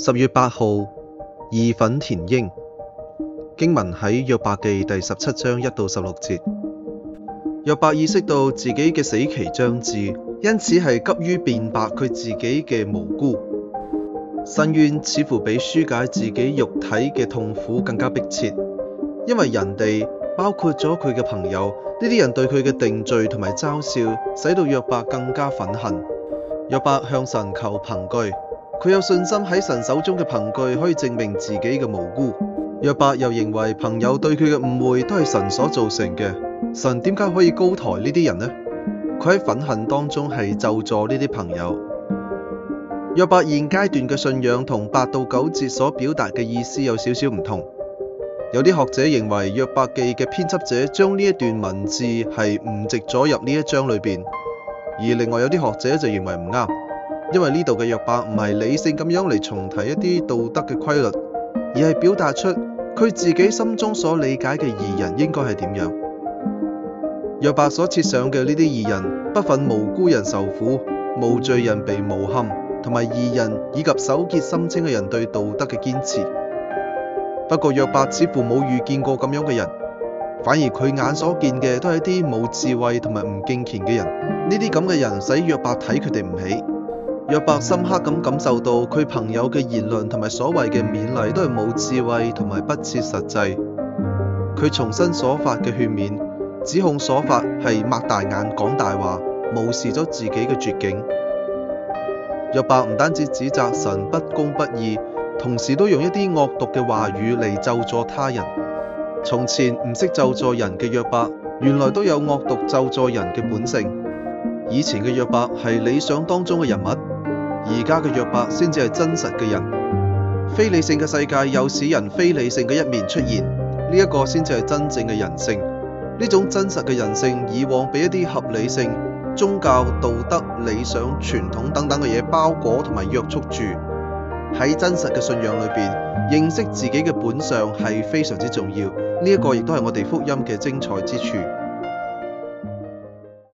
十月八號，義憤填膺。經文喺約伯記第十七章一到十六節。約伯意識到自己嘅死期將至，因此係急於辯白佢自己嘅無辜。申冤似乎比舒解自己肉體嘅痛苦更加迫切，因為人哋，包括咗佢嘅朋友，呢啲人對佢嘅定罪同埋嘲笑，使到約伯更加憤恨。約伯向神求憑據。佢有信心喺神手中嘅憑據可以證明自己嘅無辜。約伯又認為朋友對佢嘅誤會都係神所造成嘅。神點解可以高抬呢啲人呢？佢喺憤恨當中係咒詛呢啲朋友。約伯現階段嘅信仰同八到九節所表達嘅意思有少少唔同。有啲學者認為約伯記嘅編輯者將呢一段文字係誤植咗入呢一章裏邊，而另外有啲學者就認為唔啱。因為呢度嘅約伯唔係理性咁樣嚟重提一啲道德嘅規律，而係表達出佢自己心中所理解嘅義人應該係點樣。約伯所設想嘅呢啲義人，不忿無辜人受苦、無罪人被誣陷，同埋義人以及手潔心清嘅人對道德嘅堅持。不過約伯似乎冇遇見過咁樣嘅人，反而佢眼所見嘅都係啲冇智慧同埋唔敬虔嘅人，呢啲咁嘅人使約伯睇佢哋唔起。約伯深刻咁感受到佢朋友嘅言論同埋所謂嘅勉勵都係冇智慧同埋不切實際。佢重新所發嘅勸勉，勉，指控所發係擘大眼講大話，無視咗自己嘅絕境。約伯唔單止指責神不公不義，同時都用一啲惡毒嘅話語嚟咒詛他人。從前唔識咒詛人嘅約伯，原來都有惡毒咒詛人嘅本性。以前嘅約伯係理想當中嘅人物。而家嘅約伯先至係真實嘅人，非理性嘅世界有使人非理性嘅一面出現，呢一個先至係真正嘅人性。呢種真實嘅人性，以往俾一啲合理性、宗教、道德、理想、傳統等等嘅嘢包裹同埋約束住。喺真實嘅信仰裏邊，認識自己嘅本相係非常之重要。呢一個亦都係我哋福音嘅精彩之處。